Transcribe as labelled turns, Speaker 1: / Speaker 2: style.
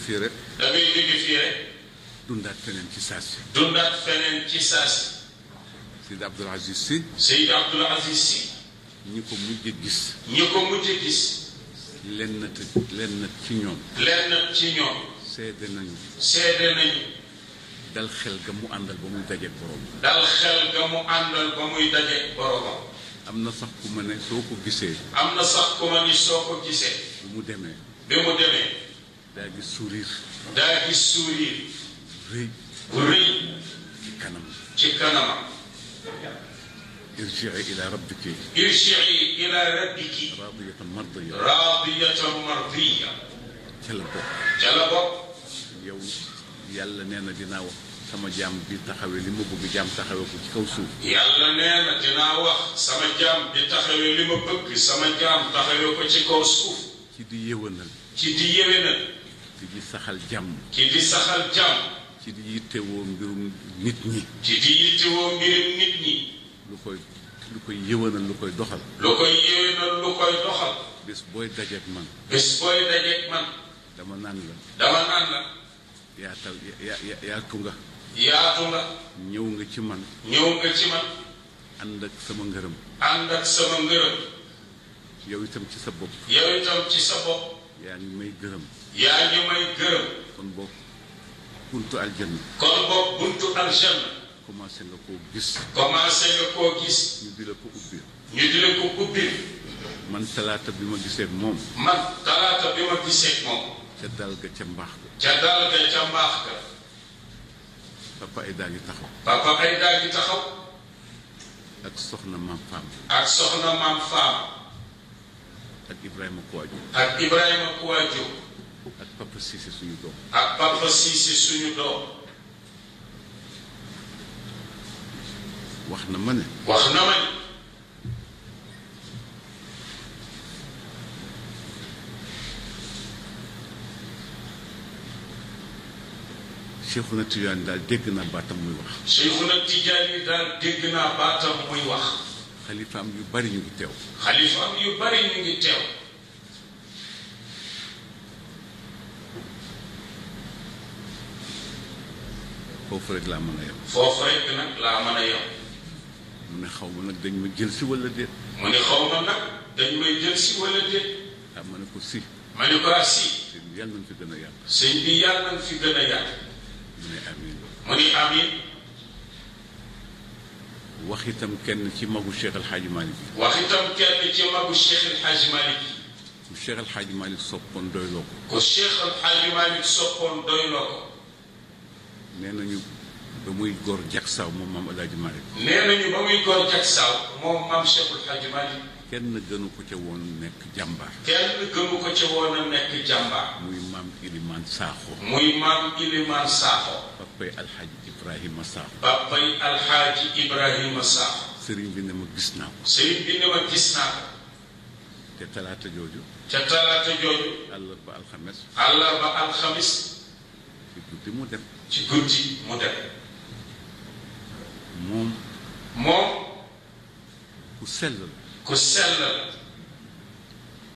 Speaker 1: fii rek.
Speaker 2: da ngay jóge fii rek.
Speaker 1: dundaat feneen ci saas si.
Speaker 2: dundaat feneen ci saas
Speaker 1: si. Seyd Abdoul Aziz si. Seyd
Speaker 2: Abdoul Aziz si.
Speaker 1: ñi ko mujj gis. ñi ko mujj gis. lenn lenn ci ñoom.
Speaker 2: lenn ci ñoom.
Speaker 1: seede nañu.
Speaker 2: seede nañu.
Speaker 1: dal xel ga mu àndal ba muy daje borom.
Speaker 2: dal xel ga mu àndal ba muy daje boromam.
Speaker 1: am na sax ku ma ne soo ko gisee.
Speaker 2: am na sax ku ma ne soo ko gisee. bi mu demee. bi mu demee.
Speaker 1: daagi sourire
Speaker 2: daagi sourire
Speaker 1: rëy bu rëy ci kanam
Speaker 2: ci kanamam
Speaker 1: ارجعي إلى ربك
Speaker 2: ارجعي إلى ربك
Speaker 1: راضية مرضية راضية
Speaker 2: مرضية
Speaker 1: جلبك جلبك يوم يلا نينا دينا sama jaam bi taxawé li ma bëgg jaam taxawé ko ci kaw suuf
Speaker 2: yalla neena dina wax sama jaam bi taxawé li ma bëgg sama jaam taxawé ko ci kaw suuf
Speaker 1: ci di yewenal
Speaker 2: ci di yewenal
Speaker 1: ci di saxal jàmm.
Speaker 2: ci di saxal jàmm.
Speaker 1: ci di yittewoo mbirum nit ñi. ci
Speaker 2: di yittewoo mbirum nit ñi.
Speaker 1: lu koy lu koy yëwanal lu koy doxal. lu koy
Speaker 2: yëwanal lu koy doxal.
Speaker 1: bis booy dajeeg man.
Speaker 2: bis booy dajeeg man.
Speaker 1: dama naan la. dama naan la. yaatu nga.
Speaker 2: yaatu nga.
Speaker 1: ñëw nga ci man. ñëw nga ci man. ànd ak sama ngërëm.
Speaker 2: ànd ak sama ngërëm.
Speaker 1: yow itam ci sa bopp. yaa ñu may gërëm yaa
Speaker 2: ñu may gërëm
Speaker 1: kon bokk buntu aljanna
Speaker 2: kon bokk buntu aljanna
Speaker 1: commencé nga koo gis commencé nga koo gis ñu di la ko ubbi
Speaker 2: ñu di la ko ubbi
Speaker 1: man talaata bi ma gisee moom man
Speaker 2: talaata bi ma gisee moom
Speaker 1: ca dal ga ca mbaax ga ca ay daa ngi taxaw papa
Speaker 2: ay daa ngi taxaw
Speaker 1: ak soxna maam faam
Speaker 2: ak soxna maam faam
Speaker 1: ak Ibrahima Kouadio. ak
Speaker 2: Ibrahima Kouadio.
Speaker 1: ak Papa Cissé suñu doom.
Speaker 2: ak Papa Cissé suñu doom.
Speaker 1: wax na ma ne. wax na ma ne. Cheikhuna Tidiane daal dégg naa baatam muy wax.
Speaker 2: Cheikhuna Tidiane daal dégg naa baatam muy wax.
Speaker 1: xalifaam yu bari ñu ngi teew.
Speaker 2: xalifaam yu bari ñu ngi teew.
Speaker 1: foofu rek laa mën a yem. foofu
Speaker 2: rek nag laa mën a yem.
Speaker 1: mu ne xaw ma nag dañ ma jël si walla déet. mu ne xaw ma
Speaker 2: nag dañ may jël si wala déet.
Speaker 1: ah ma ne ko si. ma ne ko ah, si. sëñ bi yàlla nañ fi gën a
Speaker 2: yàlla nañ fi gën a yàgg. mu ne amiin. mu
Speaker 1: wax itam kenn ci magu cheikh alxaaji malik yi
Speaker 2: wax itam kenn ci magu cheikh alxaaji malik yi
Speaker 1: ku cheikh alxaaji malik soppoon doyloo ko ku
Speaker 2: cheikh alxaaji malik soppoon doyloo ko
Speaker 1: nee nañu ba muy góor jagsaaw moom maam alaaji malik nee nañu
Speaker 2: ba muy góor jagsaaw moom maam cheikh alxaaji malik
Speaker 1: kenn gënu ko ca woon nekk jàmbaar
Speaker 2: kenn gënu ko ca woon a nekk jàmbaar
Speaker 1: muy maam iliman saaxo muy
Speaker 2: maam iliman saaxo
Speaker 1: papay alxaaji Ibrahima Sakho.
Speaker 2: Babbay Alxaaji Ibrahima Sakho.
Speaker 1: sëriñ bi ne ma gis naa ko. sëriñ
Speaker 2: bi ne ma gis naa ko.
Speaker 1: te talaata jooju. te
Speaker 2: talaata jooju.
Speaker 1: àll alxames.
Speaker 2: àll alxames.
Speaker 1: ci guddi mu dem. ci guddi mu dem. moom. moom. ku sell
Speaker 2: ku sell